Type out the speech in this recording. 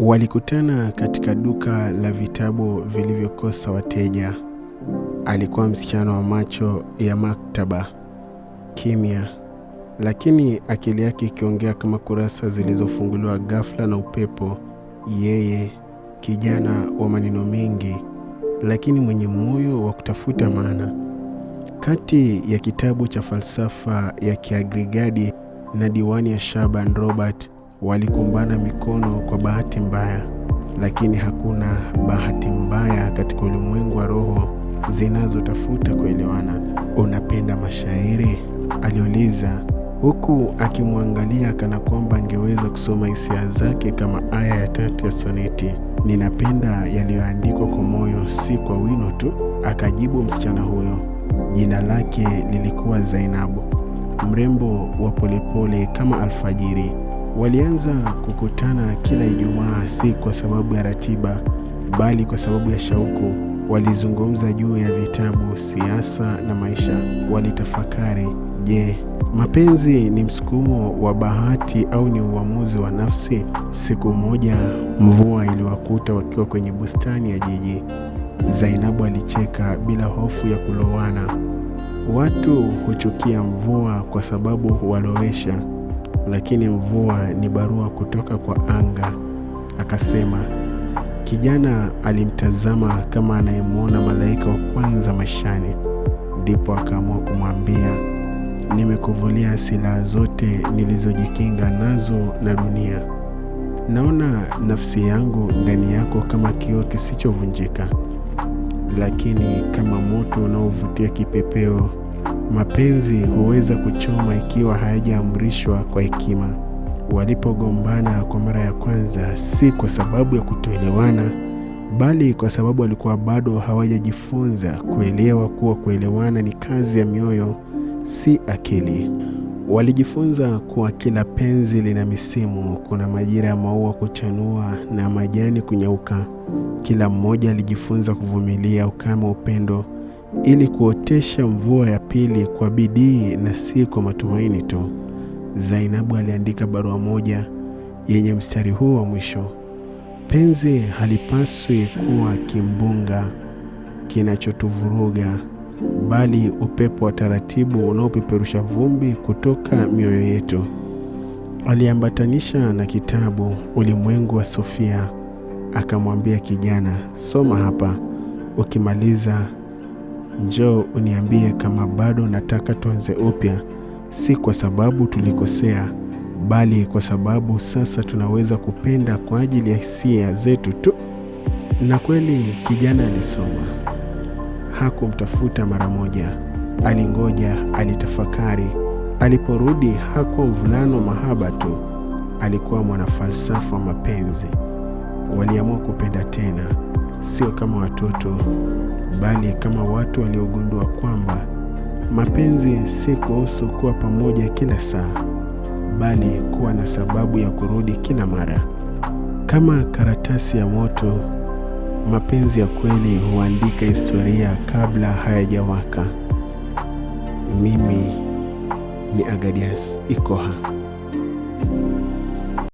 Walikutana katika duka la vitabu vilivyokosa wateja. Alikuwa msichana wa macho ya maktaba, kimya, lakini akili yake ikiongea kama kurasa zilizofunguliwa ghafla na upepo. Yeye kijana wa maneno mengi, lakini mwenye moyo wa kutafuta maana. Kati ya kitabu cha falsafa ya kiagrigadi na diwani ya Shaban Robert walikumbana mikono kwa bahati mbaya, lakini hakuna bahati mbaya katika ulimwengu wa roho zinazotafuta kuelewana. Unapenda mashairi? aliuliza huku akimwangalia kana kwamba angeweza kusoma hisia zake kama aya ya tatu ya soneti. Ninapenda yaliyoandikwa kwa moyo, si kwa wino tu, akajibu msichana huyo. Jina lake lilikuwa Zainabu, mrembo wa polepole kama alfajiri. Walianza kukutana kila Ijumaa, si kwa sababu ya ratiba, bali kwa sababu ya shauku. Walizungumza juu ya vitabu, siasa na maisha. Walitafakari, je, mapenzi ni msukumo wa bahati au ni uamuzi wa nafsi? Siku moja mvua iliwakuta wakiwa kwenye bustani ya jiji. Zainabu alicheka bila hofu ya kulowana. Watu huchukia mvua kwa sababu huwalowesha lakini mvua ni barua kutoka kwa anga, akasema. Kijana alimtazama kama anayemwona malaika wa kwanza maishani, ndipo akaamua kumwambia, nimekuvulia silaha zote nilizojikinga nazo na dunia. Naona nafsi yangu ndani yako kama kioo kisichovunjika, lakini kama moto unaovutia kipepeo Mapenzi huweza kuchoma ikiwa hayajaamrishwa kwa hekima. Walipogombana kwa mara ya kwanza, si kwa sababu ya kutoelewana, bali kwa sababu walikuwa bado hawajajifunza kuelewa kuwa kuelewana ni kazi ya mioyo, si akili. Walijifunza kuwa kila penzi lina misimu. Kuna majira ya maua kuchanua na majani kunyauka. Kila mmoja alijifunza kuvumilia ukame wa upendo ili kuotesha mvua ya pili kwa bidii na si kwa matumaini tu. Zainabu aliandika barua moja yenye mstari huu wa mwisho: penzi halipaswi kuwa kimbunga kinachotuvuruga, bali upepo wa taratibu unaopeperusha vumbi kutoka mioyo yetu. Aliambatanisha na kitabu Ulimwengu wa Sofia, akamwambia kijana, soma hapa, ukimaliza njoo uniambie kama bado nataka tuanze upya, si kwa sababu tulikosea, bali kwa sababu sasa tunaweza kupenda kwa ajili ya hisia zetu tu. Na kweli kijana alisoma, hakumtafuta mara moja. Alingoja, alitafakari. Aliporudi hakuwa mvulano mahaba tu, alikuwa mwanafalsafa wa mapenzi. Waliamua kupenda tena, sio kama watoto, bali kama watu waliogundua kwamba mapenzi si kuhusu kuwa pamoja kila saa, bali kuwa na sababu ya kurudi kila mara. Kama karatasi ya moto, mapenzi ya kweli huandika historia kabla hayajawaka. Mimi ni Agadias Ikoha.